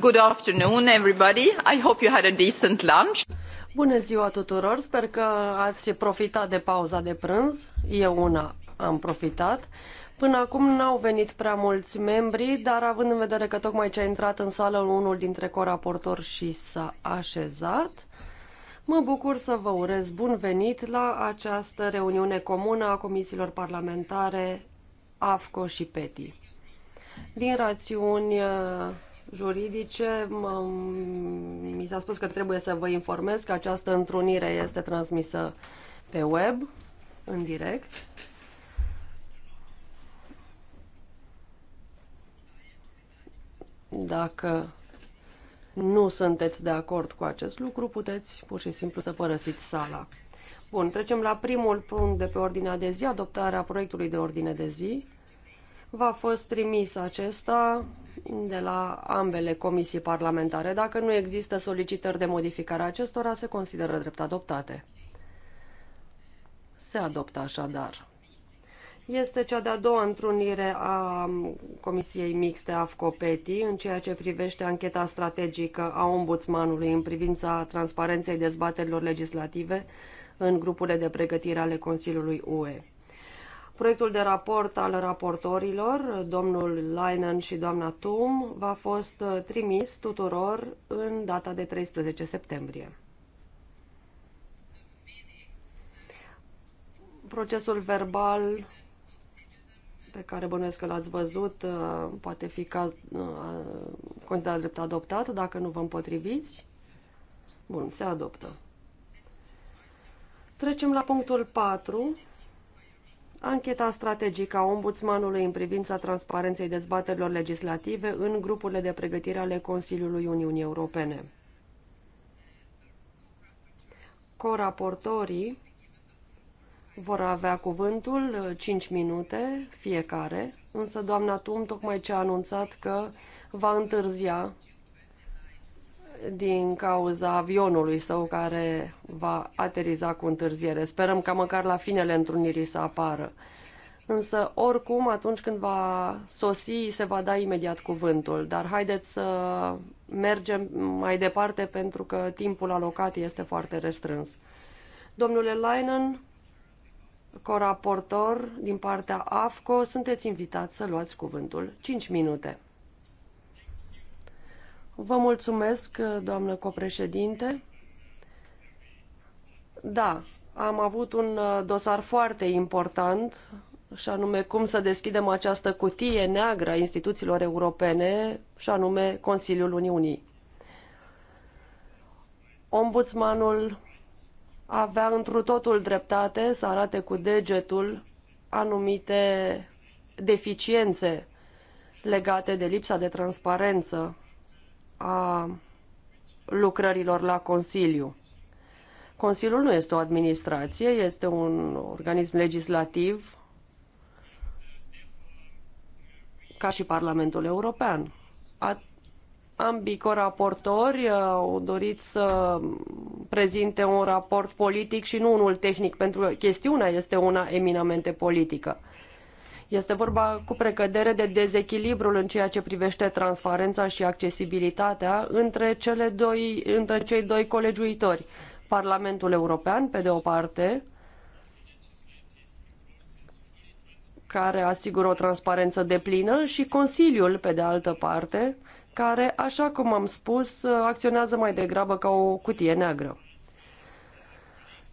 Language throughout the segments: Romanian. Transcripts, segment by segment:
Good afternoon, everybody. I hope you had a decent lunch. Bună ziua tuturor! Sper că ați profitat de pauza de prânz. Eu una am profitat. Până acum n-au venit prea mulți membri, dar având în vedere că tocmai ce a intrat în sală unul dintre coraportori și s-a așezat, mă bucur să vă urez bun venit la această reuniune comună a comisiilor parlamentare AFCO și PETI. Din rațiuni juridice, mi s-a spus că trebuie să vă informez că această întrunire este transmisă pe web, în direct. Dacă nu sunteți de acord cu acest lucru, puteți pur și simplu să părăsiți sala. Bun, trecem la primul punct de pe ordinea de zi, adoptarea proiectului de ordine de zi. V-a fost trimis acesta de la ambele comisii parlamentare. Dacă nu există solicitări de modificare a acestora, se consideră drept adoptate. Se adoptă așadar. Este cea de-a doua întrunire a Comisiei Mixte AFCOPETI în ceea ce privește ancheta strategică a ombudsmanului în privința transparenței dezbaterilor legislative în grupurile de pregătire ale Consiliului UE. Proiectul de raport al raportorilor, domnul Leinen și doamna Tum, va fost uh, trimis tuturor în data de 13 septembrie. Procesul verbal pe care bănuiesc că l-ați văzut uh, poate fi uh, considerat drept adoptat dacă nu vă împotriviți. Bun, se adoptă. Trecem la punctul 4 Ancheta strategică a ombudsmanului în privința transparenței dezbaterilor legislative în grupurile de pregătire ale Consiliului Uniunii Europene. Coraportorii vor avea cuvântul 5 minute fiecare, însă doamna Tum tocmai ce a anunțat că va întârzia din cauza avionului său care va ateriza cu întârziere. Sperăm ca măcar la finele întrunirii să apară. Însă, oricum, atunci când va sosi, se va da imediat cuvântul. Dar haideți să mergem mai departe, pentru că timpul alocat este foarte restrâns. Domnule Leinen, coraportor din partea AFCO, sunteți invitat să luați cuvântul. 5 minute. Vă mulțumesc, doamnă copreședinte. Da, am avut un uh, dosar foarte important și anume cum să deschidem această cutie neagră a instituțiilor europene și anume Consiliul Uniunii. Ombudsmanul avea întru totul dreptate să arate cu degetul anumite deficiențe legate de lipsa de transparență a lucrărilor la Consiliu. Consiliul nu este o administrație, este un organism legislativ ca și Parlamentul European. A, ambii coraportori uh, au dorit să prezinte un raport politic și nu unul tehnic, pentru că chestiunea este una eminamente politică. Este vorba cu precădere de dezechilibrul în ceea ce privește transparența și accesibilitatea între, cele doi, între cei doi colegiuitori, Parlamentul European, pe de o parte, care asigură o transparență deplină și Consiliul, pe de altă parte, care, așa cum am spus, acționează mai degrabă ca o cutie neagră.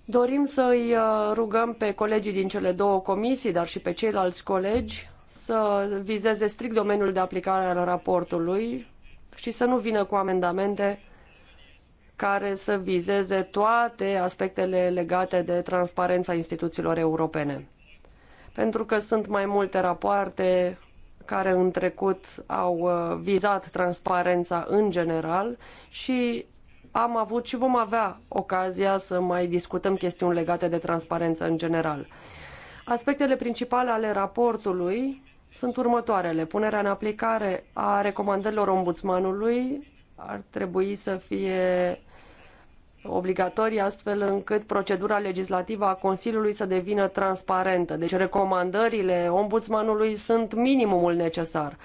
Dorim să îi uh, rugăm pe colegii din cele două comisii, dar și pe ceilalți colegi, să vizeze strict domeniul de aplicare al raportului și să nu vină cu amendamente care să vizeze toate aspectele legate de transparența instituțiilor europene. Pentru că sunt mai multe rapoarte care în trecut au uh, vizat transparența în general și am avut și vom avea ocazia să mai discutăm chestiuni legate de transparență în general. Aspectele principale ale raportului sunt următoarele. Punerea în aplicare a recomandărilor ombudsmanului ar trebui să fie obligatorii, astfel încât procedura legislativă a Consiliului să devină transparentă. Deci recomandările ombudsmanului sunt minimumul necesar.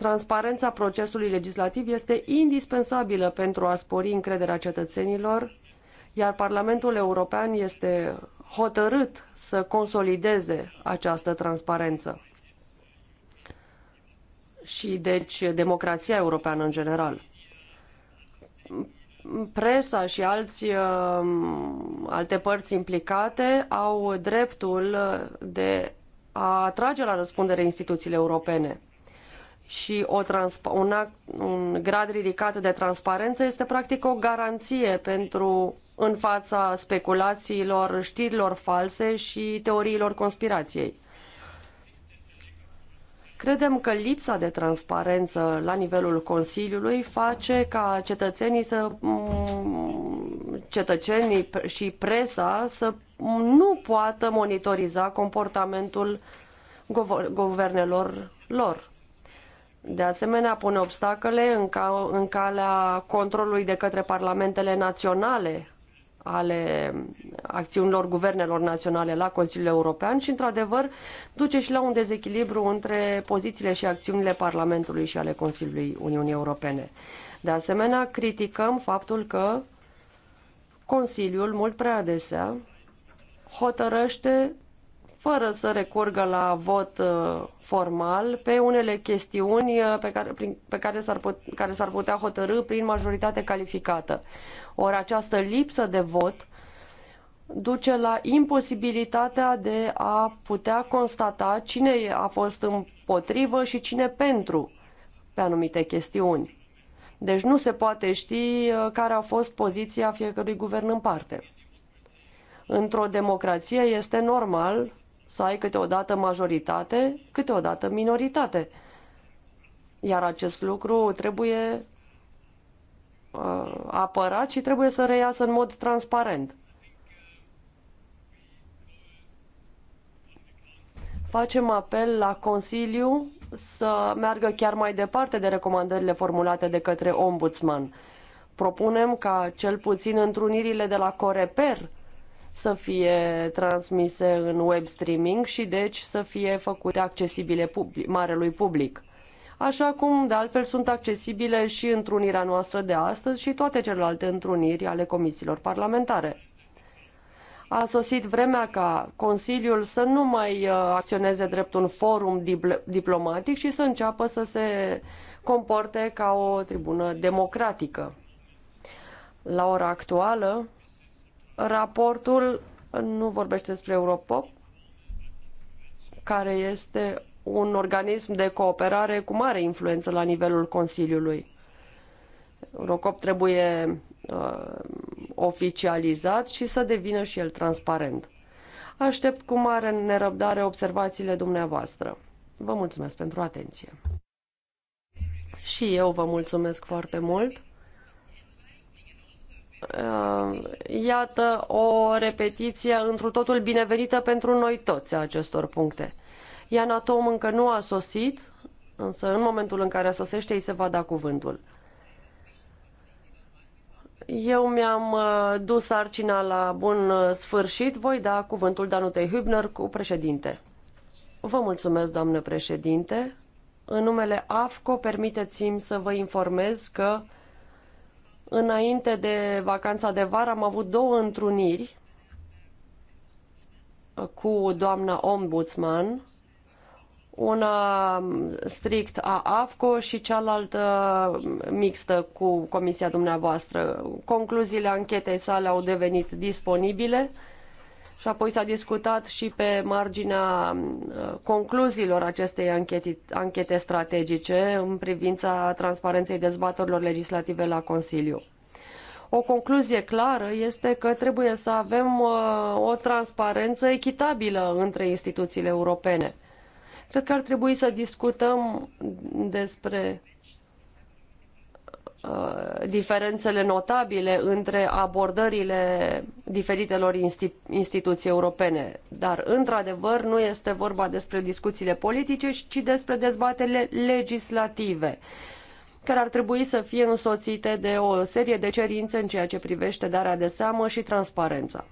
Transparența procesului legislativ este indispensabilă pentru a spori încrederea cetățenilor, iar Parlamentul European este hotărât să consolideze această transparență și, deci, democrația europeană în general. Presa și alți, um, alte părți implicate au dreptul de a atrage la răspundere instituțiile europene și o un, act, un grad ridicat de transparență este practic o garanție pentru în fața speculațiilor, știrilor false și teoriilor conspirației. Credem că lipsa de transparență la nivelul Consiliului face ca cetățenii să mm, cetățenii și presa să nu poată monitoriza comportamentul guvernelor lor. De asemenea, pune obstacole în, ca, în calea controlului de către parlamentele naționale ale acțiunilor guvernelor naționale la Consiliul European și, într-adevăr, duce și la un dezechilibru între pozițiile și acțiunile Parlamentului și ale Consiliului Uniunii Europene. De asemenea, criticăm faptul că Consiliul, mult prea adesea, hotărăște fără să recurgă la vot uh, formal pe unele chestiuni uh, pe care, prin, pe care, s-ar put, care s-ar putea hotărâ prin majoritate calificată. Ori această lipsă de vot duce la imposibilitatea de a putea constata cine a fost împotrivă și cine pentru pe anumite chestiuni. Deci nu se poate ști uh, care a fost poziția fiecărui guvern în parte. Într-o democrație este normal să ai câteodată majoritate, câteodată minoritate. Iar acest lucru trebuie uh, apărat și trebuie să reiasă în mod transparent. Facem apel la Consiliu să meargă chiar mai departe de recomandările formulate de către ombudsman. Propunem ca cel puțin întrunirile de la Coreper să fie transmise în web streaming și deci să fie făcute accesibile public, marelui public. Așa cum, de altfel, sunt accesibile și întrunirea noastră de astăzi și toate celelalte întruniri ale comisiilor parlamentare. A sosit vremea ca Consiliul să nu mai uh, acționeze drept un forum diplomatic și să înceapă să se comporte ca o tribună democratică. La ora actuală, Raportul nu vorbește despre Europa, care este un organism de cooperare cu mare influență la nivelul Consiliului. Eurocop trebuie uh, oficializat și să devină și el transparent. Aștept cu mare nerăbdare observațiile dumneavoastră. Vă mulțumesc pentru atenție. Și eu vă mulțumesc foarte mult. Uh, iată o repetiție întru totul binevenită pentru noi toți a acestor puncte. Iana Tom încă nu a sosit, însă în momentul în care sosește îi se va da cuvântul. Eu mi-am uh, dus sarcina la bun uh, sfârșit, voi da cuvântul Danutei Hübner cu președinte. Vă mulțumesc, doamnă președinte. În numele AFCO, permiteți-mi să vă informez că Înainte de vacanța de vară am avut două întruniri cu doamna ombudsman, una strict a AFCO și cealaltă mixtă cu comisia dumneavoastră. Concluziile anchetei sale au devenit disponibile și apoi s-a discutat și pe marginea uh, concluziilor acestei anchete, anchete strategice în privința transparenței dezbaterilor legislative la Consiliu. O concluzie clară este că trebuie să avem uh, o transparență echitabilă între instituțiile europene. Cred că ar trebui să discutăm despre Uh, diferențele notabile între abordările diferitelor instituții europene. Dar, într-adevăr, nu este vorba despre discuțiile politice, ci despre dezbaterile legislative, care ar trebui să fie însoțite de o serie de cerințe în ceea ce privește darea de seamă și transparența.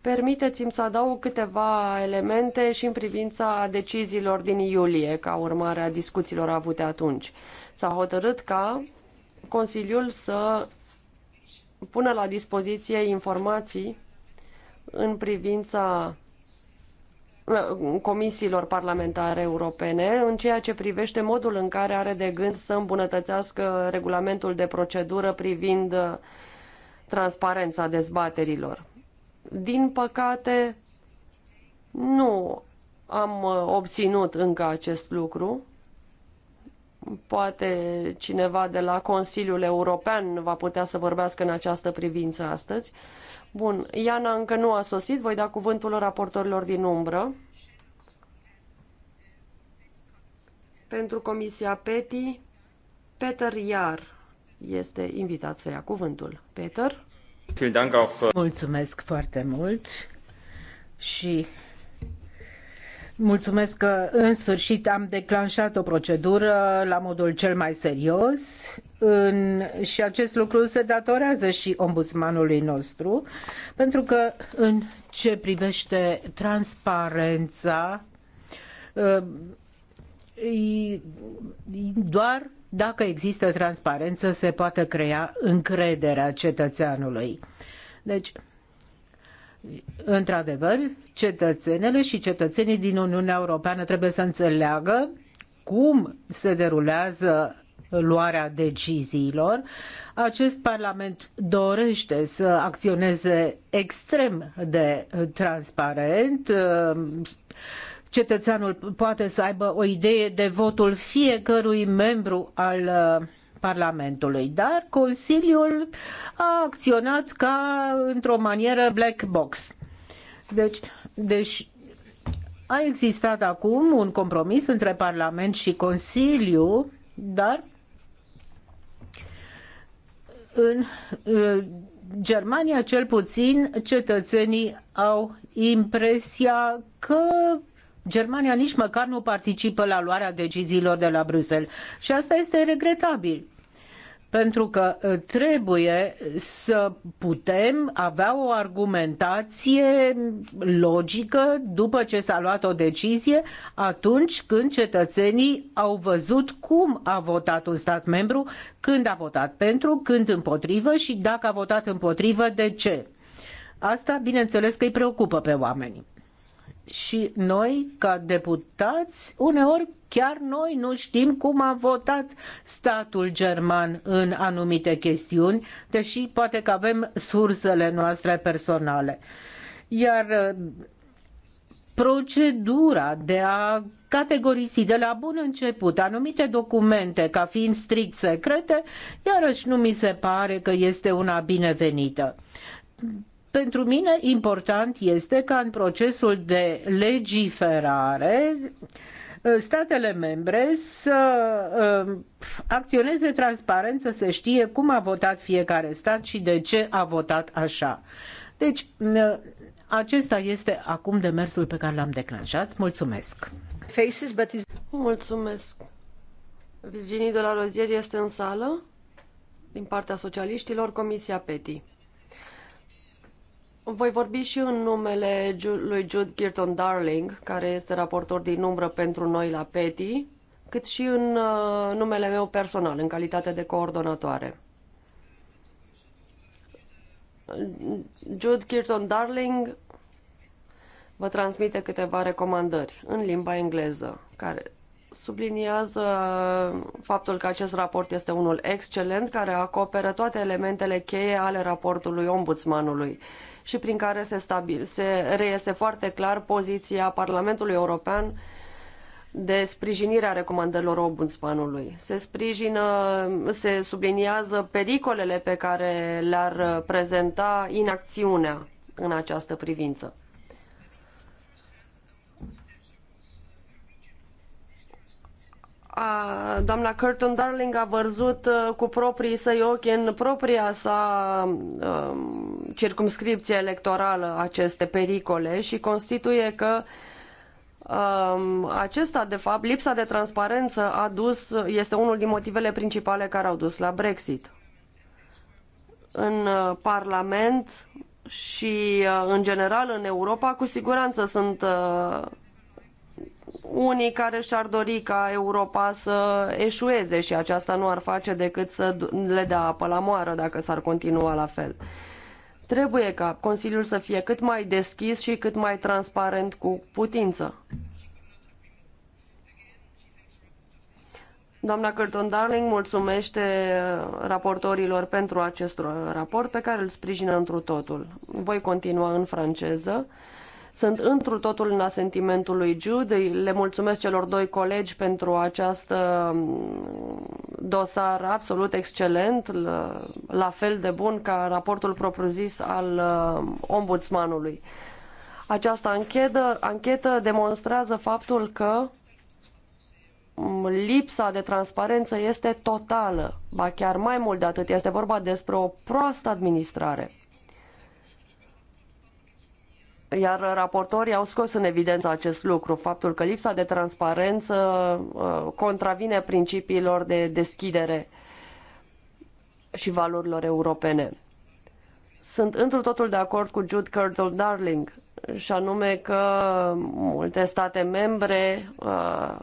Permiteți-mi să adaug câteva elemente și în privința deciziilor din iulie, ca urmare a discuțiilor avute atunci. S-a hotărât ca Consiliul să pună la dispoziție informații în privința comisiilor parlamentare europene în ceea ce privește modul în care are de gând să îmbunătățească regulamentul de procedură privind uh, transparența dezbaterilor. Din păcate, nu am uh, obținut încă acest lucru. Poate cineva de la Consiliul European va putea să vorbească în această privință astăzi. Bun, Iana încă nu a sosit, voi da cuvântul raportorilor din umbră. Pentru Comisia PETI, Peter Iar este invitat să ia cuvântul. Peter? Mulțumesc foarte mult și mulțumesc că în sfârșit am declanșat o procedură la modul cel mai serios în, și acest lucru se datorează și ombudsmanului nostru, pentru că în ce privește transparența, ă, doar dacă există transparență, se poate crea încrederea cetățeanului. Deci, într-adevăr, cetățenele și cetățenii din Uniunea Europeană trebuie să înțeleagă cum se derulează luarea deciziilor. Acest Parlament dorește să acționeze extrem de transparent cetățeanul poate să aibă o idee de votul fiecărui membru al uh, Parlamentului, dar Consiliul a acționat ca într-o manieră black box. Deci, deci a existat acum un compromis între Parlament și Consiliu, dar în uh, Germania, cel puțin, cetățenii au impresia că Germania nici măcar nu participă la luarea deciziilor de la Bruxelles. Și asta este regretabil pentru că uh, trebuie să putem avea o argumentație logică după ce s-a luat o decizie, atunci când cetățenii au văzut cum a votat un stat membru, când a votat pentru, când împotrivă și dacă a votat împotrivă, de ce. Asta, bineînțeles, că îi preocupă pe oameni și noi, ca deputați, uneori chiar noi nu știm cum a votat statul german în anumite chestiuni, deși poate că avem sursele noastre personale. Iar uh, procedura de a categorisi de la bun început anumite documente ca fiind strict secrete, iarăși nu mi se pare că este una binevenită pentru mine important este ca în procesul de legiferare statele membre să um, acționeze transparent, să se știe cum a votat fiecare stat și de ce a votat așa. Deci, uh, acesta este acum demersul pe care l-am declanșat. Mulțumesc! Faces, but is... Mulțumesc! Virginie de la Rozier este în sală din partea socialiștilor Comisia PETI. Voi vorbi și în numele lui Jude Girton Darling, care este raportor din umbră pentru noi la PETI, cât și în uh, numele meu personal, în calitate de coordonatoare. Jude Girton Darling vă transmite câteva recomandări în limba engleză, care subliniază uh, faptul că acest raport este unul excelent care acoperă toate elementele cheie ale raportului ombudsmanului, și prin care se, stabil, se reiese foarte clar poziția Parlamentului European de sprijinire a recomandărilor ombudsmanului. Se sprijină, se subliniază pericolele pe care le-ar prezenta inacțiunea în această privință. a, doamna Curtin Darling a văzut uh, cu proprii săi ochi în propria sa um, circumscripție electorală aceste pericole și constituie că um, acesta, de fapt, lipsa de transparență a dus, este unul din motivele principale care au dus la Brexit. În uh, Parlament și, uh, în general, în Europa, cu siguranță sunt uh, unii care și-ar dori ca Europa să eșueze și aceasta nu ar face decât să le dea apă la moară dacă s-ar continua la fel. Trebuie ca Consiliul să fie cât mai deschis și cât mai transparent cu putință. Doamna Curtin Darling mulțumește uh, raportorilor pentru acest uh, raport pe care îl sprijină întru totul. Voi continua în franceză. Sunt întru totul în asentimentul lui Jude. Le mulțumesc celor doi colegi pentru această mm, dosar absolut excelent, la fel de bun ca raportul propriu-zis al mm, ombudsmanului. Această anchetă, anchetă demonstrează faptul că mm, lipsa de transparență este totală, ba chiar mai mult de atât, este vorba despre o proastă administrare. Iar raportorii au scos în evidență acest lucru, faptul că lipsa de transparență uh, contravine principiilor de deschidere și valorilor europene. Sunt într totul de acord cu Jude Curtle Darling, și anume că multe state membre uh,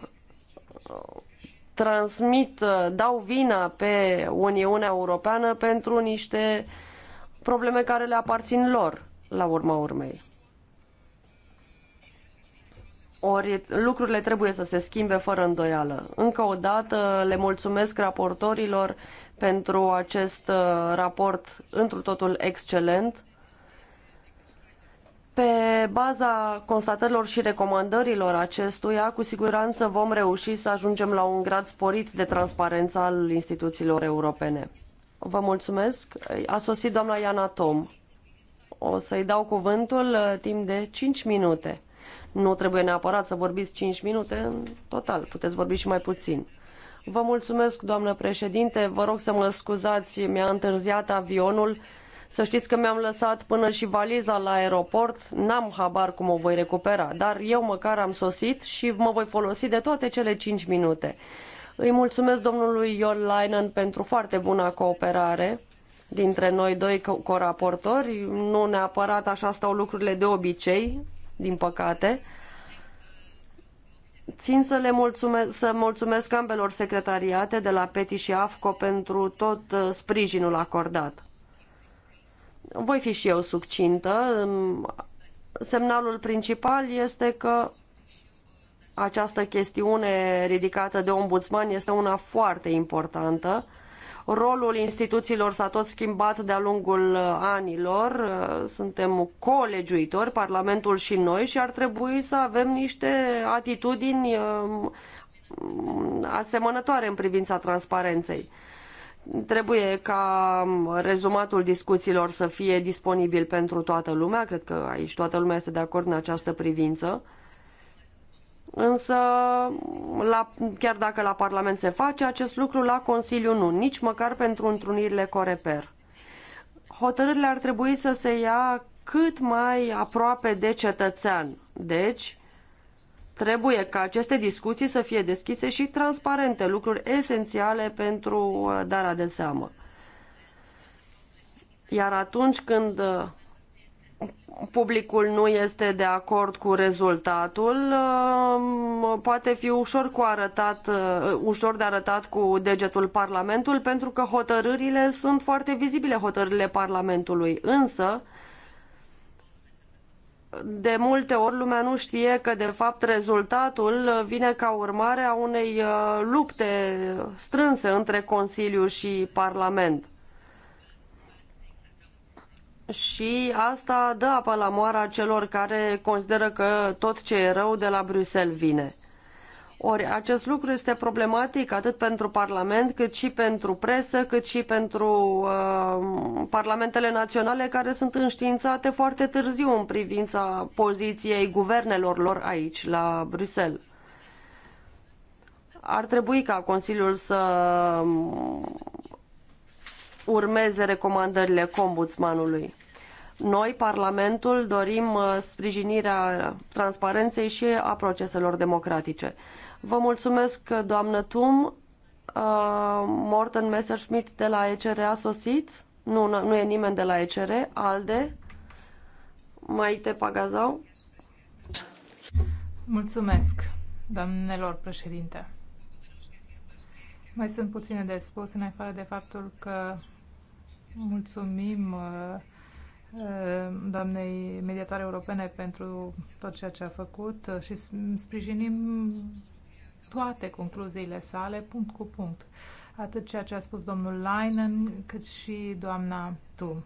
transmit, uh, dau vina pe Uniunea Europeană pentru niște probleme care le aparțin lor, la urma urmei. Ori lucrurile trebuie să se schimbe fără îndoială. Încă o dată le mulțumesc raportorilor pentru acest uh, raport întru totul excelent. Pe baza constatărilor și recomandărilor acestuia, cu siguranță vom reuși să ajungem la un grad sporit de transparență al instituțiilor europene. Vă mulțumesc. A sosit doamna Iana Tom. O să-i dau cuvântul uh, timp de cinci minute. Nu trebuie neapărat să vorbiți 5 minute în total, puteți vorbi și mai puțin. Vă mulțumesc, doamnă președinte, vă rog să mă scuzați, mi-a întârziat avionul. Să știți că mi-am lăsat până și valiza la aeroport, n-am habar cum o voi recupera, dar eu măcar am sosit și mă voi folosi de toate cele 5 minute. Îi mulțumesc domnului Ion Leinen pentru foarte buna cooperare dintre noi doi coraportori. Nu neapărat așa stau lucrurile de obicei, din păcate. Țin să le mulțumesc, să mulțumesc ambelor secretariate de la PETI și AFCO pentru tot uh, sprijinul acordat. Voi fi și eu succintă. Semnalul principal este că această chestiune ridicată de ombudsman este una foarte importantă rolul instituțiilor s-a tot schimbat de-a lungul uh, anilor, uh, suntem colegiuitori, Parlamentul și noi, și ar trebui să avem niște atitudini uh, asemănătoare în privința transparenței. Trebuie ca um, rezumatul discuțiilor să fie disponibil pentru toată lumea, cred că aici toată lumea este de acord în această privință. Însă, la, chiar dacă la Parlament se face acest lucru, la Consiliu nu, nici măcar pentru întrunirile Coreper. Hotărârile ar trebui să se ia cât mai aproape de cetățean. Deci, trebuie ca aceste discuții să fie deschise și transparente, lucruri esențiale pentru uh, darea de seamă. Iar atunci când uh, publicul nu este de acord cu rezultatul, uh, poate fi ușor, cu arătat, uh, ușor de arătat cu degetul Parlamentul, pentru că hotărârile sunt foarte vizibile, hotărârile Parlamentului. Însă, de multe ori lumea nu știe că de fapt rezultatul vine ca urmare a unei uh, lupte strânse între Consiliu și Parlament și asta dă apă la moara celor care consideră că tot ce e rău de la Bruxelles vine. Ori acest lucru este problematic atât pentru Parlament, cât și pentru presă, cât și pentru uh, parlamentele naționale care sunt înștiințate foarte târziu în privința poziției guvernelor lor aici, la Bruxelles. Ar trebui ca Consiliul să urmeze recomandările combudsmanului. Noi, Parlamentul, dorim uh, sprijinirea transparenței și a proceselor democratice. Vă mulțumesc, doamnă Tum. Uh, Morten Messerschmidt de la ECR a sosit? Nu, nu e nimeni de la ECR. ALDE? Maite Pagazau? Mulțumesc, doamnelor președinte. Mai sunt puține de spus, în afară de faptul că Mulțumim uh, uh, doamnei mediatoare europene pentru tot ceea ce a făcut uh, și sprijinim toate concluziile sale, punct cu punct. Atât ceea ce a spus domnul Leinen, cât și doamna Tu.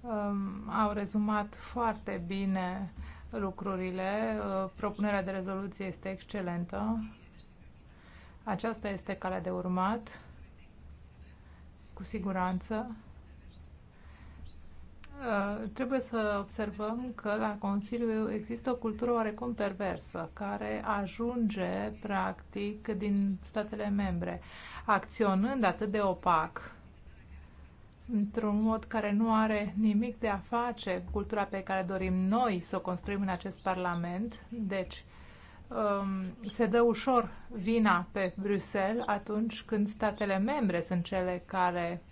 Um, au rezumat foarte bine lucrurile. Propunerea de rezoluție este excelentă. Aceasta este calea de urmat cu siguranță. Uh, trebuie să observăm că la Consiliu există o cultură oarecum perversă care ajunge practic din statele membre, acționând atât de opac într-un mod care nu are nimic de a face cu cultura pe care dorim noi să o construim în acest Parlament. Deci, Um, se dă ușor vina pe Bruxelles atunci când statele membre sunt cele care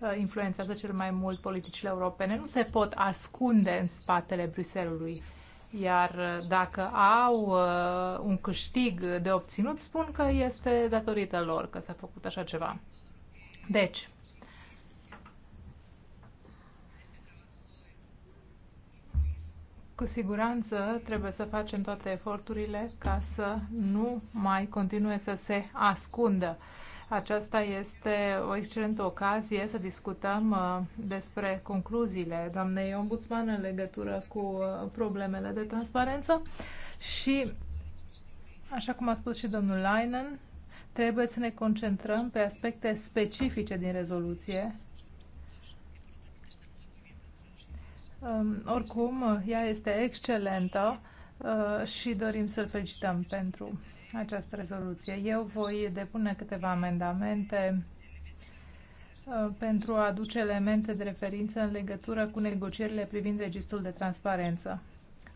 uh, influențează cel mai mult politicile europene. Nu se pot ascunde în spatele Bruxellesului. Iar uh, dacă au uh, un câștig de obținut, spun că este datorită lor că s-a făcut așa ceva. Deci, Cu siguranță trebuie să facem toate eforturile ca să nu mai continue să se ascundă. Aceasta este o excelentă ocazie să discutăm uh, despre concluziile doamnei ombudsman în legătură cu uh, problemele de transparență și, așa cum a spus și domnul Leinen, trebuie să ne concentrăm pe aspecte specifice din rezoluție Oricum, ea este excelentă uh, și dorim să-l felicităm pentru această rezoluție. Eu voi depune câteva amendamente uh, pentru a aduce elemente de referință în legătură cu negocierile privind registrul de transparență.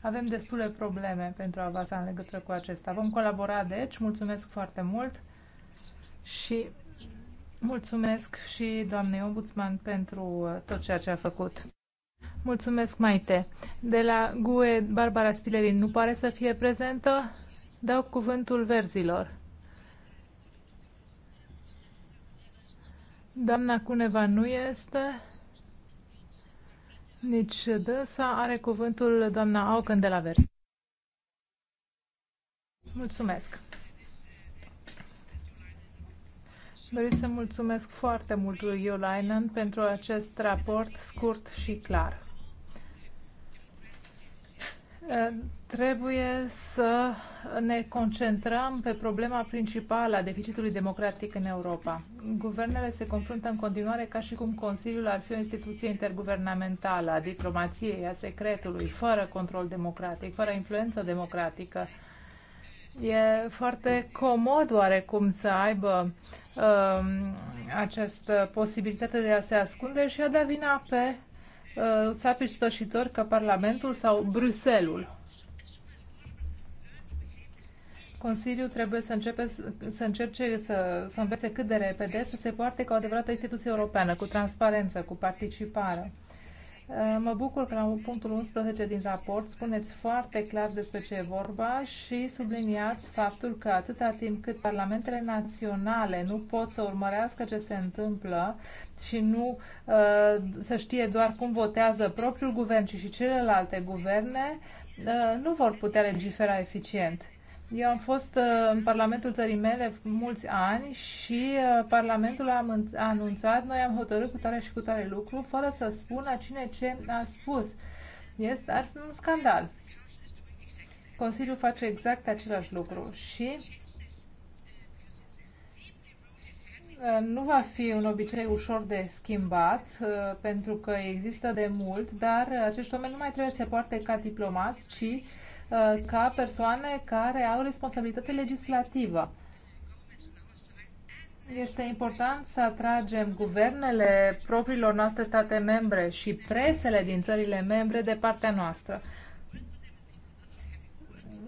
Avem destule probleme pentru a avansa în legătură cu acesta. Vom colabora, deci, mulțumesc foarte mult și mulțumesc și doamnei ombudsman pentru uh, tot ceea ce a făcut. Mulțumesc, Maite. De la GUE, Barbara Spilerin nu pare să fie prezentă. Dau cuvântul verzilor. Doamna Cuneva nu este. Nici dânsa are cuvântul doamna Aucăn de la Vers. Mulțumesc. Doresc să mulțumesc foarte mult lui Iolainen pentru acest raport scurt și clar. Trebuie să ne concentrăm pe problema principală a deficitului democratic în Europa. Guvernele se confruntă în continuare ca și cum Consiliul ar fi o instituție interguvernamentală a diplomației, a secretului, fără control democratic, fără influență democratică. E foarte comod oarecum să aibă um, această posibilitate de a se ascunde și a da vina pe să țapi uh, spășitor ca Parlamentul sau Bruselul. Consiliul trebuie să, începe, să încerce să, să învețe cât de repede să se poarte ca o adevărată instituție europeană, cu transparență, cu participare. Eh, mă bucur că la punctul 11 din raport spuneți foarte clar despre ce e vorba și subliniați faptul că atâta timp cât parlamentele naționale nu pot să urmărească ce se întâmplă și nu eh, să știe doar cum votează propriul guvern, ci și celelalte guverne, eh, nu vor putea legifera eficient. Eu am fost uh, în Parlamentul țării mele mulți ani și uh, Parlamentul a anunțat, noi am hotărât cu tare și cu tare lucru, fără să spună cine ce a spus. Este, ar fi un scandal. Consiliul face exact același lucru și Uh, nu va fi un obicei ușor de schimbat, uh, pentru că există de mult, dar acești oameni nu mai trebuie să se poarte ca diplomați, ci uh, ca persoane care au responsabilitate legislativă. Este important să atragem guvernele propriilor noastre state membre și presele din țările membre de partea noastră.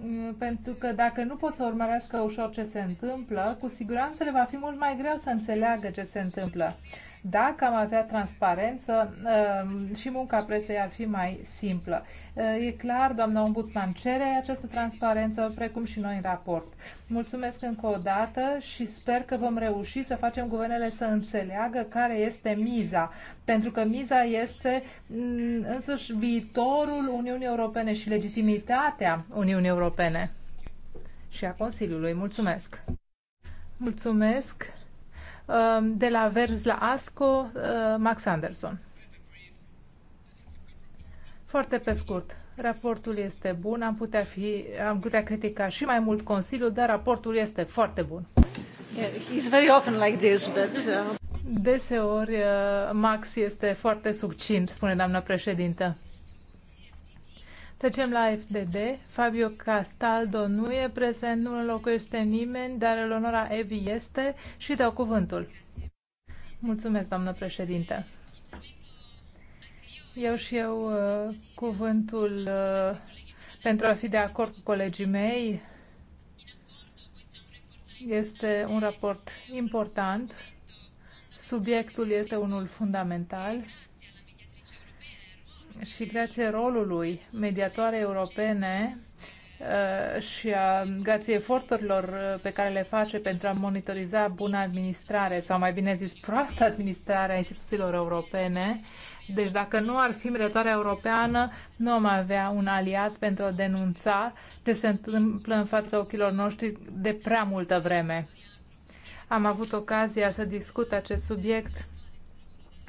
Mm, pentru că dacă nu pot să urmărească ușor ce se întâmplă, cu siguranță le va fi mult mai greu să înțeleagă ce se întâmplă. Dacă am avea transparență uh, și munca presei ar fi mai simplă. Uh, e clar, doamna ombudsman cere această transparență, precum și noi în raport. Mulțumesc încă o dată și sper că vom reuși să facem guvernele să înțeleagă care este miza, pentru că miza este mm, însăși viitorul Uniunii Europene și legitimitatea Uniunii Europene și a Consiliului. Mulțumesc! Mulțumesc! Um, de la Vers la ASCO, uh, Max Anderson. Foarte pe scurt, raportul este bun, am putea, fi, am putea critica și mai mult Consiliul, dar raportul este foarte bun. Yeah, he's very often like this, but, uh... Deseori, uh, Max este foarte succint, spune doamna președintă. Trecem la FDD. Fabio Castaldo nu e prezent, nu înlocuiește nimeni, dar Eleonora Evi este și dau cuvântul. Mulțumesc, doamnă președinte. Eu și eu uh, cuvântul uh, pentru a fi de acord cu colegii mei. Este un raport important. Subiectul este unul fundamental și grație rolului mediatoare europene uh, și a, grație eforturilor uh, pe care le face pentru a monitoriza bună administrare, sau mai bine zis proastă administrare a instituțiilor europene, deci dacă nu ar fi mediatoarea europeană, nu am avea un aliat pentru a denunța ce se întâmplă în fața ochilor noștri de prea multă vreme. Am avut ocazia să discut acest subiect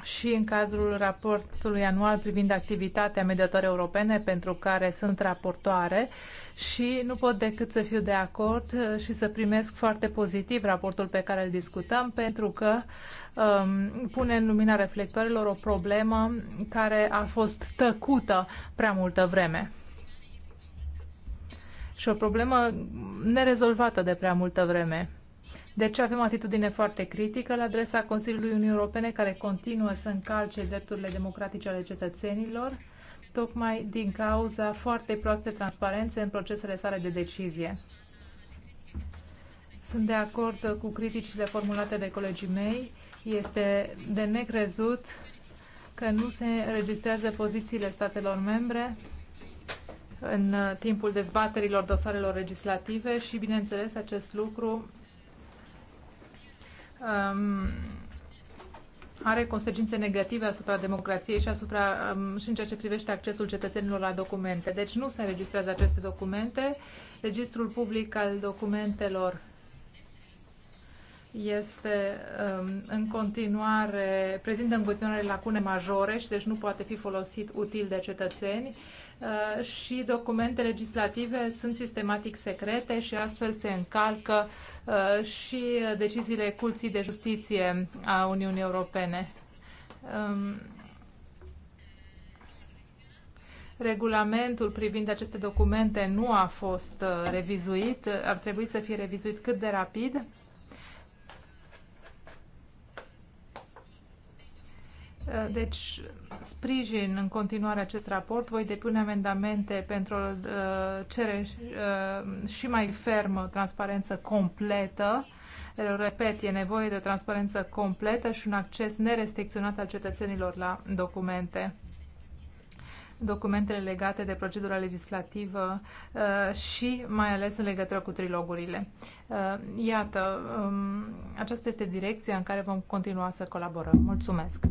și în cadrul raportului anual privind activitatea mediatoare europene pentru care sunt raportoare și nu pot decât să fiu de acord uh, și să primesc foarte pozitiv raportul pe care îl discutăm pentru că um, pune în lumina reflectoarelor o problemă care a fost tăcută prea multă vreme și o problemă nerezolvată de prea multă vreme. Deci avem o atitudine foarte critică la adresa Consiliului Uniunii Europene care continuă să încalce drepturile democratice ale cetățenilor, tocmai din cauza foarte proaste transparențe în procesele sale de decizie. Sunt de acord cu criticile formulate de colegii mei. Este de necrezut că nu se înregistrează pozițiile statelor membre în timpul dezbaterilor dosarelor legislative și, bineînțeles, acest lucru um, are consecințe negative asupra democrației și, asupra, um, și în ceea ce privește accesul cetățenilor la documente. Deci nu se înregistrează aceste documente. Registrul public al documentelor este um, în continuare, prezintă în continuare lacune majore și deci nu poate fi folosit util de cetățeni. Uh, și documente legislative sunt sistematic secrete și astfel se încalcă uh, și deciziile Curții de Justiție a Uniunii Europene. Um, regulamentul privind aceste documente nu a fost uh, revizuit, ar trebui să fie revizuit cât de rapid Uh, deci, sprijin în continuare acest raport. Voi depune amendamente pentru a uh, cere uh, și mai fermă o transparență completă. repet, e nevoie de o transparență completă și un acces nerestricționat al cetățenilor la documente documentele legate de procedura legislativă și mai ales în legătură cu trilogurile. Iată, um, aceasta este direcția în care vom continua să colaborăm. Mulțumesc!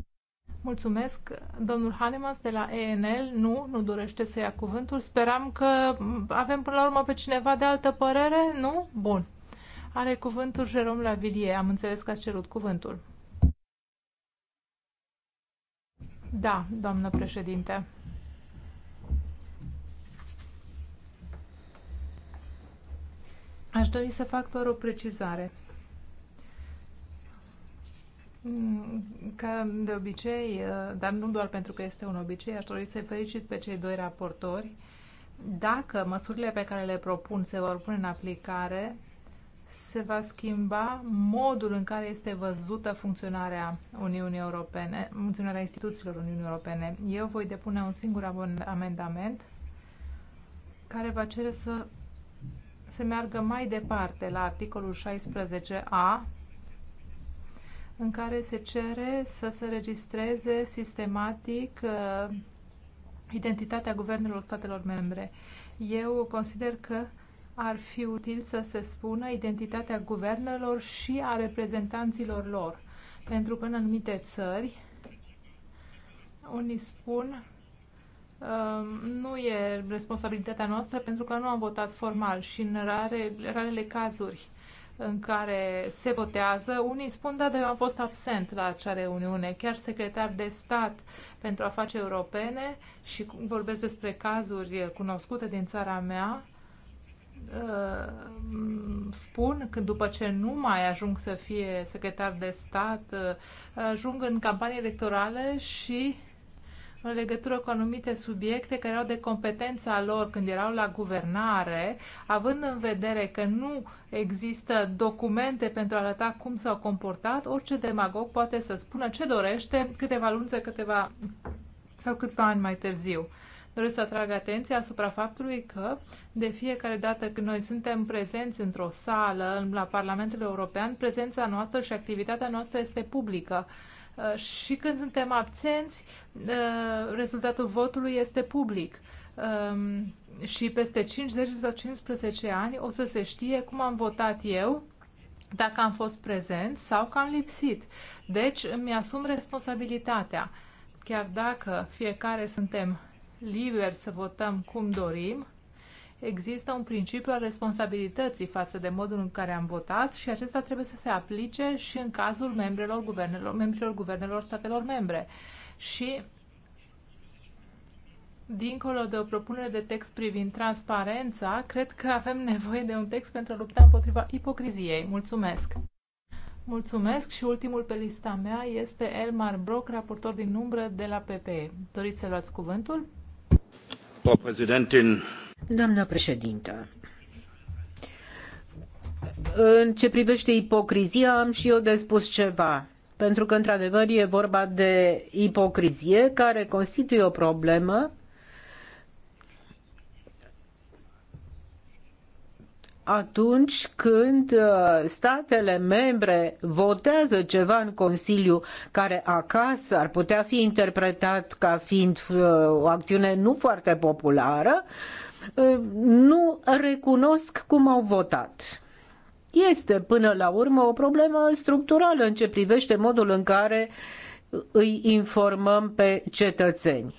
Mulțumesc. Domnul Hanemans de la ENL nu, nu dorește să ia cuvântul. Speram că avem până la urmă pe cineva de altă părere, nu? Bun. Are cuvântul Jerome Lavilie. Am înțeles că ați cerut cuvântul. Da, doamnă președinte. Aș dori să fac doar o precizare. Mm, ca de obicei, uh, dar nu doar pentru că este un obicei, aș dori să-i fericit pe cei doi raportori. Dacă măsurile pe care le propun se vor pune în aplicare, se va schimba modul în care este văzută funcționarea Uniunii Europene, funcționarea instituțiilor Uniunii Europene. Eu voi depune un singur amendament care va cere să se meargă mai departe la articolul 16a în care se cere să se registreze sistematic uh, identitatea guvernelor statelor membre. Eu consider că ar fi util să se spună identitatea guvernelor și a reprezentanților lor, pentru că în anumite țări unii spun uh, nu e responsabilitatea noastră pentru că nu am votat formal și în rare, rarele cazuri în care se votează, unii spun, da, dar eu am fost absent la acea reuniune, chiar secretar de stat pentru afaceri europene și vorbesc despre cazuri cunoscute din țara mea, uh, spun că după ce nu mai ajung să fie secretar de stat, uh, ajung în campanii electorale și în legătură cu anumite subiecte care au de competența lor când erau la guvernare, având în vedere că nu există documente pentru a arăta cum s-au comportat, orice demagog poate să spună ce dorește câteva luni sau câteva sau câțiva ani mai târziu. Doresc să atrag atenția asupra faptului că de fiecare dată când noi suntem prezenți într-o sală la Parlamentul European, prezența noastră și activitatea noastră este publică Uh, și când suntem absenți, uh, rezultatul votului este public. Um, și peste 50 sau 15 ani o să se știe cum am votat eu, dacă am fost prezent sau că am lipsit. Deci îmi asum responsabilitatea. Chiar dacă fiecare suntem liberi să votăm cum dorim, există un principiu al responsabilității față de modul în care am votat și acesta trebuie să se aplice și în cazul membrilor guvernelor, membrilor guvernelor statelor membre. Și dincolo de o propunere de text privind transparența, cred că avem nevoie de un text pentru a lupta împotriva ipocriziei. Mulțumesc! Mulțumesc și ultimul pe lista mea este Elmar Brock, raportor din umbră de la PPE. Doriți să luați cuvântul? Frau Präsidentin, Doamna președintă, în ce privește ipocrizia, am și eu de spus ceva. Pentru că, într-adevăr, e vorba de ipocrizie care constituie o problemă atunci când uh, statele membre votează ceva în Consiliu care acasă ar putea fi interpretat ca fiind uh, o acțiune nu foarte populară, nu recunosc cum au votat. Este până la urmă o problemă structurală în ce privește modul în care îi informăm pe cetățeni.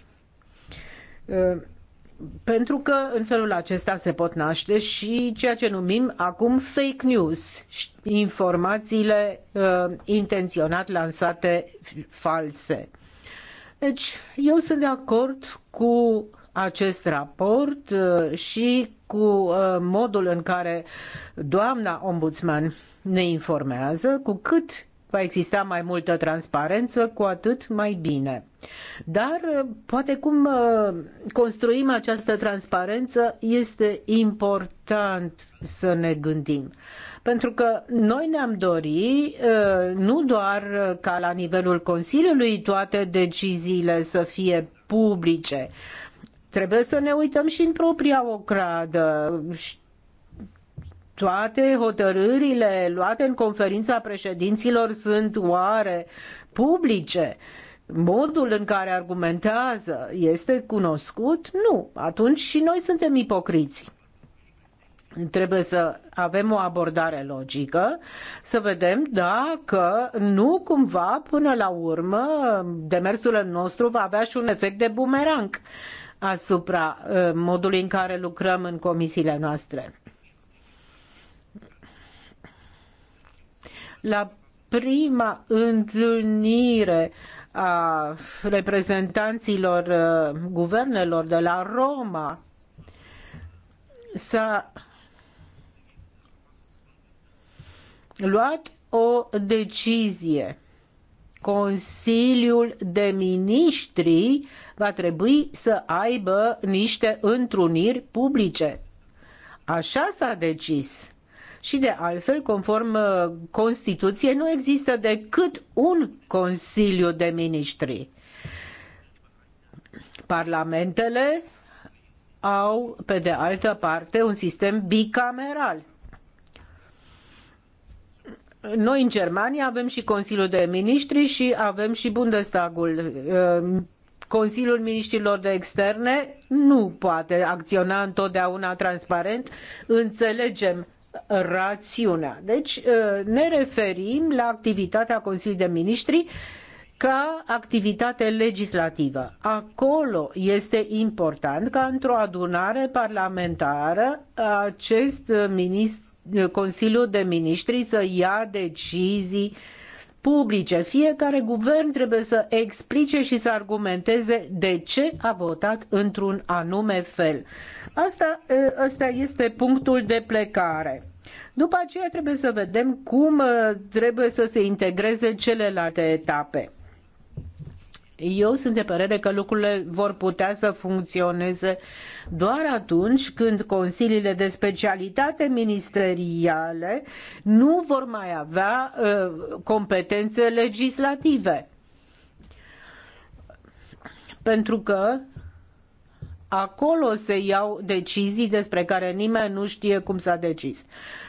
Pentru că în felul acesta se pot naște și ceea ce numim acum fake news, informațiile uh, intenționat lansate false. Deci, eu sunt de acord cu acest raport uh, și cu uh, modul în care doamna ombudsman ne informează, cu cât va exista mai multă transparență, cu atât mai bine. Dar uh, poate cum construim această transparență este important să ne gândim. Pentru că noi ne-am dori nu doar ca la nivelul Consiliului toate deciziile să fie publice, trebuie să ne uităm și în propria ocradă. Toate hotărârile luate în conferința președinților sunt oare publice? Modul în care argumentează este cunoscut? Nu. Atunci și noi suntem ipocriți trebuie să avem o abordare logică, să vedem dacă nu cumva până la urmă demersul nostru va avea și un efect de bumerang asupra uh, modului în care lucrăm în comisiile noastre. La prima întâlnire a reprezentanților uh, guvernelor de la Roma s-a luat o decizie Consiliul de Ministri va trebui să aibă niște întruniri publice. Așa s-a decis. Și de altfel, conform uh, Constituției, nu există decât un Consiliu de Ministri. Parlamentele au, pe de altă parte, un sistem bicameral noi în Germania avem și Consiliul de Ministri și avem și Bundestagul. Ehm, Consiliul Ministrilor de Externe nu poate acționa întotdeauna transparent. Înțelegem rațiunea. Deci ehm, ne referim la activitatea Consiliului de Ministri ca activitate legislativă. Acolo este important ca într-o adunare parlamentară acest ministru Consiliul de Ministri să ia decizii publice. Fiecare guvern trebuie să explice și să argumenteze de ce a votat într-un anume fel. Asta, asta este punctul de plecare. După aceea trebuie să vedem cum trebuie să se integreze celelalte etape. Eu sunt de părere că lucrurile vor putea să funcționeze doar atunci când consiliile de specialitate ministeriale nu vor mai avea uh, competențe legislative. Pentru că acolo se iau decizii despre care nimeni nu știe cum s-a decis. Uh,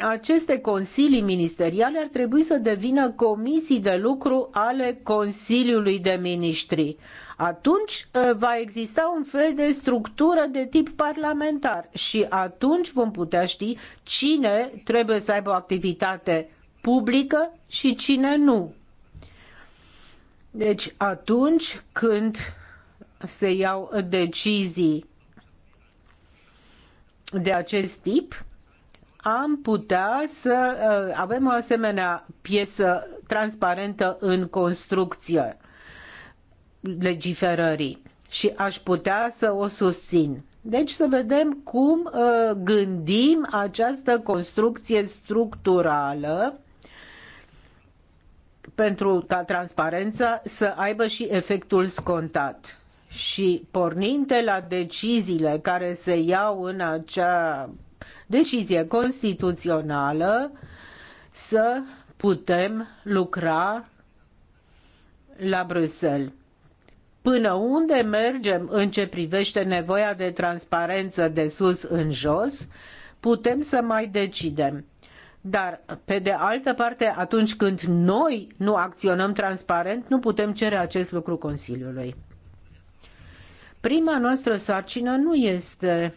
aceste consilii ministeriale ar trebui să devină comisii de lucru ale Consiliului de Ministri. Atunci uh, va exista un fel de structură de tip parlamentar și atunci vom putea ști cine trebuie să aibă o activitate publică și cine nu. Deci atunci când se iau decizii de acest tip, am putea să uh, avem o asemenea piesă transparentă în construcție legiferării și aș putea să o susțin. Deci să vedem cum uh, gândim această construcție structurală pentru ca transparența să aibă și efectul scontat. Și pornind de la deciziile care se iau în acea decizie constituțională să putem lucra la Bruxelles. Până unde mergem în ce privește nevoia de transparență de sus în jos, putem să mai decidem. Dar, pe de altă parte, atunci când noi nu acționăm transparent, nu putem cere acest lucru Consiliului. Prima noastră sarcină nu este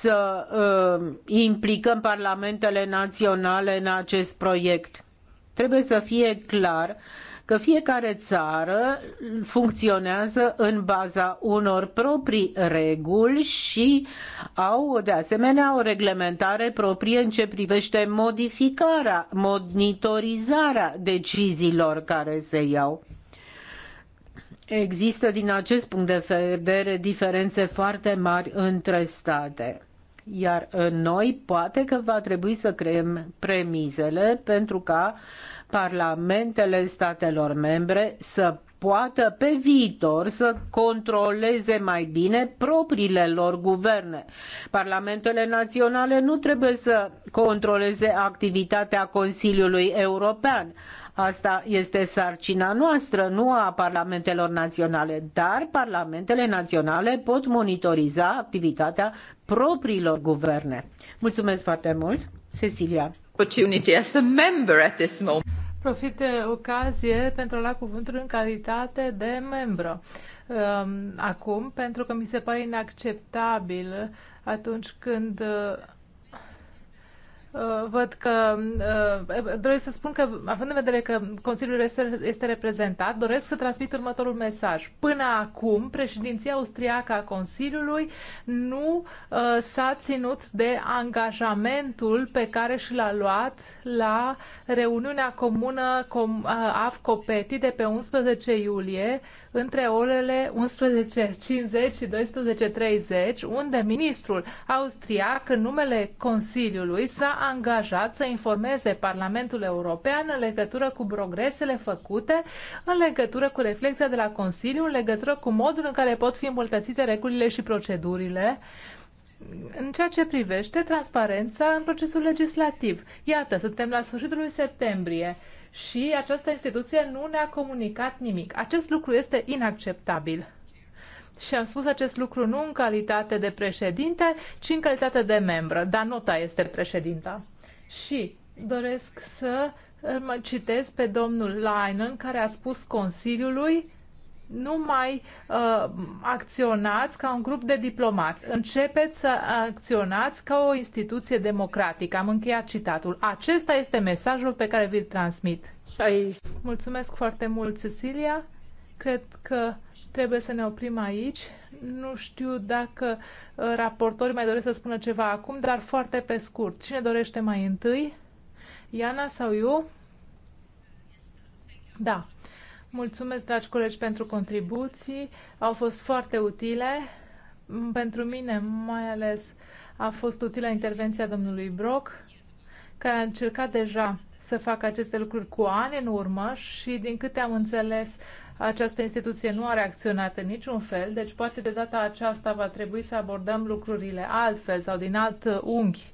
să uh, implicăm parlamentele naționale în acest proiect. Trebuie să fie clar că fiecare țară funcționează în baza unor proprii reguli și au de asemenea o reglementare proprie în ce privește modificarea, monitorizarea deciziilor care se iau. Există din acest punct de vedere diferențe foarte mari între state. Iar noi poate că va trebui să creăm premizele pentru ca parlamentele statelor membre să poată pe viitor să controleze mai bine propriile lor guverne. Parlamentele naționale nu trebuie să controleze activitatea Consiliului European Asta este sarcina noastră, nu a parlamentelor naționale, dar parlamentele naționale pot monitoriza activitatea propriilor guverne. Mulțumesc foarte mult, Cecilia. Opportunity as a member at this moment. Profit de ocazie pentru a lua cuvântul în calitate de membră um, acum, pentru că mi se pare inacceptabil atunci când uh, Uh, văd că uh, doresc să spun că, având în vedere că Consiliul este, este reprezentat, doresc să transmit următorul mesaj. Până acum, președinția austriacă a Consiliului nu uh, s-a ținut de angajamentul pe care și l-a luat la reuniunea comună com, AFCOPETI de pe 11 iulie între orele 11.50 și 12.30, unde ministrul austriac, în numele Consiliului, s-a angajat să informeze Parlamentul European în legătură cu progresele făcute, în legătură cu reflexia de la Consiliu, în legătură cu modul în care pot fi îmbunătățite regulile și procedurile în ceea ce privește transparența în procesul legislativ. Iată, suntem la sfârșitul lui septembrie și această instituție nu ne-a comunicat nimic. Acest lucru este inacceptabil. Și am spus acest lucru nu în calitate de președinte, ci în calitate de membră. Dar nota este președinta. Și doresc să mă citez pe domnul Leinen, care a spus Consiliului nu mai uh, acționați ca un grup de diplomați. Începeți să acționați ca o instituție democratică. Am încheiat citatul. Acesta este mesajul pe care vi-l transmit. Ai. Mulțumesc foarte mult, Cecilia. Cred că trebuie să ne oprim aici. Nu știu dacă uh, raportorii mai doresc să spună ceva acum, dar foarte pe scurt. Cine dorește mai întâi? Iana sau eu? Da. Mulțumesc, dragi colegi, pentru contribuții. Au fost foarte utile. Pentru mine, mai ales, a fost utilă intervenția domnului Brock, care a încercat deja să facă aceste lucruri cu ani în urmă și, din câte am înțeles, această instituție nu a reacționat în niciun fel, deci poate de data aceasta va trebui să abordăm lucrurile altfel sau din alt unghi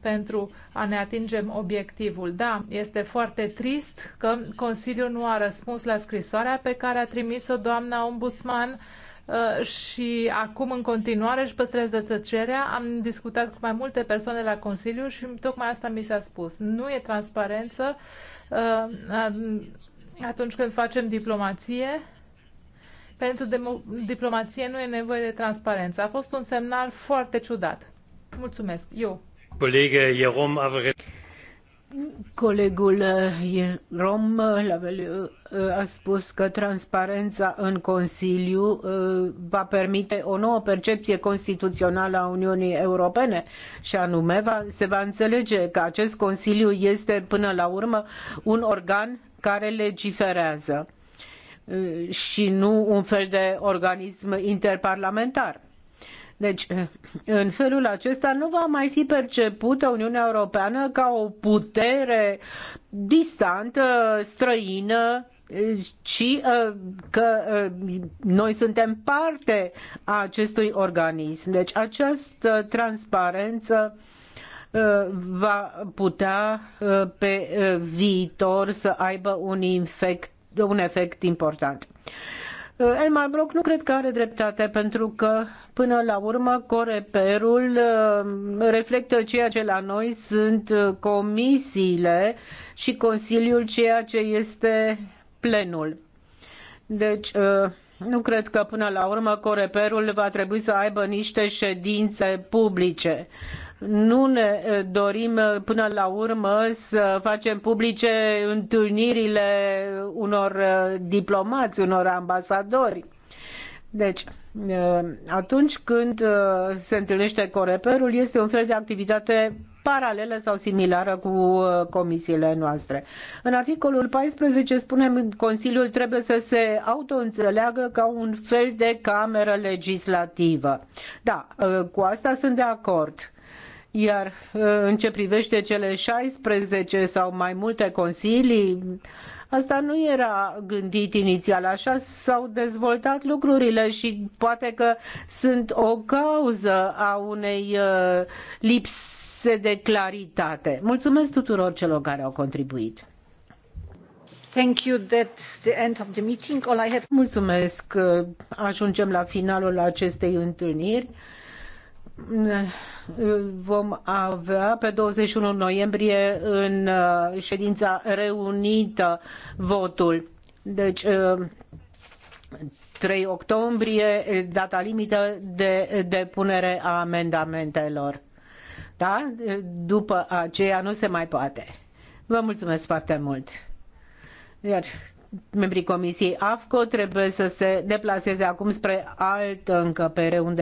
pentru a ne atingem obiectivul. Da, este foarte trist că Consiliul nu a răspuns la scrisoarea pe care a trimis-o doamna ombudsman uh, și acum în continuare își păstrează tăcerea. Am discutat cu mai multe persoane la Consiliu și tocmai asta mi s-a spus. Nu e transparență uh, atunci când facem diplomație. Pentru diplomație nu e nevoie de transparență. A fost un semnal foarte ciudat. Mulțumesc. Eu. Colegă Jerome Avril. Colegul uh, Rom uh, a spus că transparența în Consiliu uh, va permite o nouă percepție constituțională a Uniunii Europene și anume va, se va înțelege că acest Consiliu este până la urmă un organ care legiferează și nu un fel de organism interparlamentar deci, eh, în felul acesta nu va mai fi percepută Uniunea Europeană ca o putere distantă, străină, eh, ci eh, că noi suntem parte a acestui organism. Deci această transparență va putea pe viitor să aibă un, infect, un efect important. Elmar Brock nu cred că are dreptate, pentru că până la urmă coreperul uh, reflectă ceea ce la noi sunt uh, comisiile și Consiliul ceea ce este plenul. Deci, uh, nu cred că până la urmă Coreperul va trebui să aibă niște ședințe publice nu ne eh, dorim eh, până la urmă să facem publice întâlnirile unor eh, diplomați, unor ambasadori. Deci, atunci când se întâlnește coreperul, este un fel de activitate paralelă sau similară cu comisiile noastre. În articolul 14 spunem că Consiliul trebuie să se autoînțeleagă ca un fel de cameră legislativă. Da, cu asta sunt de acord iar uh, în ce privește cele 16 sau mai multe consilii, asta nu era gândit inițial, așa s-au dezvoltat lucrurile și poate că sunt o cauză a unei uh, lipse de claritate. Mulțumesc tuturor celor care au contribuit. Thank you. That's the end of the meeting. All I have... Mulțumesc. Uh, ajungem la finalul acestei întâlniri vom avea pe 21 noiembrie în uh, ședința reunită votul. Deci 3 uh, octombrie, data limită de depunere a amendamentelor. Da? După aceea nu se mai poate. Vă mulțumesc foarte mult. Iar membrii Comisiei AFCO trebuie să se deplaseze acum spre altă încăpere unde